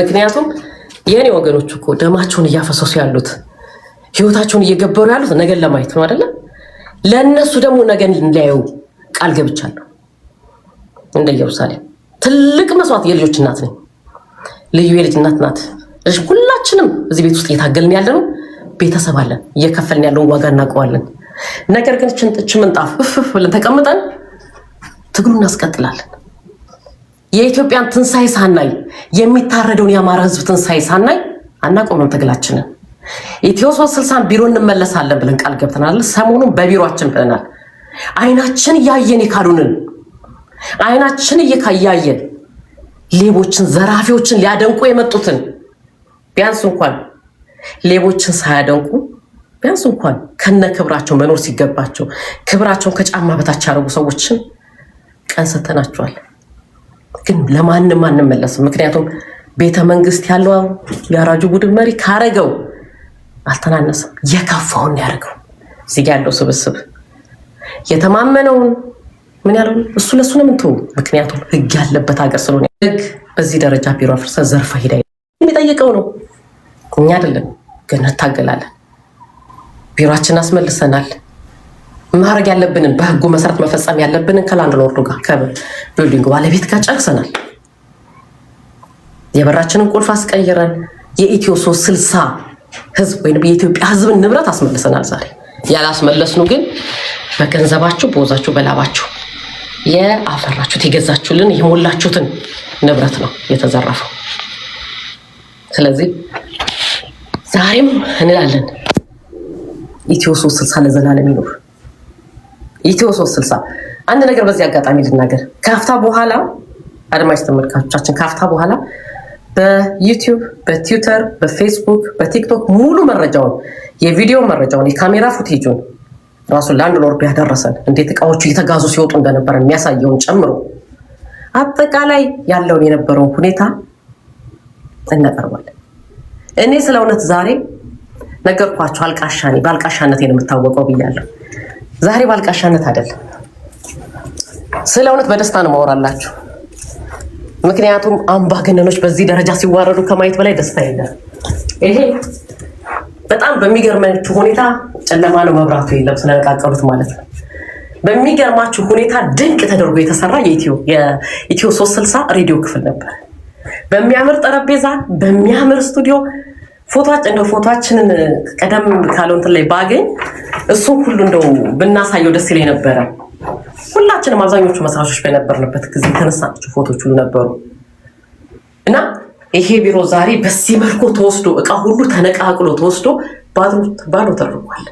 ምክንያቱም የእኔ ወገኖች እኮ ደማቸውን እያፈሰሱ ያሉት ህይወታቸውን እየገበሩ ያሉት ነገን ለማየት ነው አይደለም። ለእነሱ ደግሞ ነገን ሊያዩ ቃል ገብቻለሁ። እንደ ኢየሩሳሌም ትልቅ መስዋዕት የልጆች እናት ነኝ። ልዩ የልጅ እናት ናት። ሁላችንም እዚህ ቤት ውስጥ እየታገልን ያለ ነው። ቤተሰብ አለን። እየከፈልን ያለውን ዋጋ እናውቀዋለን። ነገር ግን ምንጣፍ ፍ ብለን ተቀምጠን ትግሉ እናስቀጥላለን። የኢትዮጵያን ትንሣኤ ሳናይ የሚታረደውን የአማራ ህዝብ ትንሣኤ ሳናይ አናቆምም ትግላችንን። ኢትዮ ሶስት ስልሳን ቢሮ እንመለሳለን ብለን ቃል ገብተናል። ሰሞኑን በቢሮችን ብለናል። አይናችን እያየን የካዱንን አይናችን እያየን ሌቦችን፣ ዘራፊዎችን ሊያደንቁ የመጡትን ቢያንስ እንኳን ሌቦችን ሳያደንቁ ቢያንስ እንኳን ከነ ክብራቸው መኖር ሲገባቸው ክብራቸውን ከጫማ በታች ያደረጉ ሰዎችን ቀን ሰተናቸዋል። ግን ለማንም አንመለስም። ምክንያቱም ቤተ መንግስት ያለው የአራጁ ቡድን መሪ ካረገው አልተናነሰም፣ የከፋውን ያደርገው። እዚህ ያለው ስብስብ የተማመነውን ምን ያለው እሱ ለሱ ነው ምንትው። ምክንያቱም ህግ ያለበት ሀገር ስለሆነ ህግ በዚህ ደረጃ ቢሮ አፍርሰ ዘርፈ ሄዳ የሚጠይቀው ነው። እኛ አይደለም ግን እንታገላለን። ቢሮችን አስመልሰናል። ማድረግ ያለብንን በህጉ መሰረት መፈጸም ያለብንን ከላንድሎርዱ ጋር ከቢልዲንጉ ባለቤት ጋር ጨርሰናል። የበራችንን ቁልፍ አስቀይረን የኢትዮ ሶስት ስልሳ ህዝብ ወይም የኢትዮጵያ ህዝብን ንብረት አስመልሰናል። ዛሬ ያላስመለስኑ ግን በገንዘባችሁ በወዛችሁ በላባችሁ የአፈራችሁት የገዛችሁልን የሞላችሁትን ንብረት ነው የተዘረፈው። ስለዚህ ዛሬም እንላለን ኢትዮ ሶስት ስልሳ ለዘላለም ይኖር። ኢትዮ ሶስት ስልሳ አንድ ነገር በዚህ አጋጣሚ ልናገር። ከሀፍታ በኋላ አድማጭ ተመልካቾቻችን ከሀፍታ በኋላ በዩቲዩብ በትዊተር በፌስቡክ በቲክቶክ ሙሉ መረጃውን የቪዲዮ መረጃውን የካሜራ ፉቴጁን ራሱ ለአንድ ሎርድ ያደረሰን እንዴት እቃዎቹ እየተጋዙ ሲወጡ እንደነበረ የሚያሳየውን ጨምሮ አጠቃላይ ያለውን የነበረውን ሁኔታ እናቀርባለን። እኔ ስለ እውነት ዛሬ ነገርኳቸው። አልቃሻኔ በአልቃሻነት የምታወቀው ብያለሁ። ዛሬ ባልቃሻነት አይደለም፣ ስለ እውነት በደስታ ነው ማወራላችሁ። ምክንያቱም አምባገነኖች በዚህ ደረጃ ሲዋረዱ ከማየት በላይ ደስታ የለም። ይሄ በጣም በሚገርመችሁ ሁኔታ ጨለማ ነው መብራቱ የለም ስለነቃቀሉት ማለት ነው። በሚገርማችሁ ሁኔታ ድንቅ ተደርጎ የተሰራ የኢትዮ ሶስት ስልሳ ሬዲዮ ክፍል ነበር። በሚያምር ጠረጴዛ፣ በሚያምር ስቱዲዮ ፎቶችን እንደው ፎቶችንን ቀደም ካለው ላይ ባገኝ እሱ ሁሉ እንደው ብናሳየው ደስ ይለኝ ነበረ። ሁላችንም አብዛኞቹ መስራቾች በነበርንበት ጊዜ የተነሳቸው ፎቶች ሁሉ ነበሩ እና ይሄ ቢሮ ዛሬ በዚህ መልኩ ተወስዶ እቃ ሁሉ ተነቃቅሎ ተወስዶ ባዶ ተደርጓል።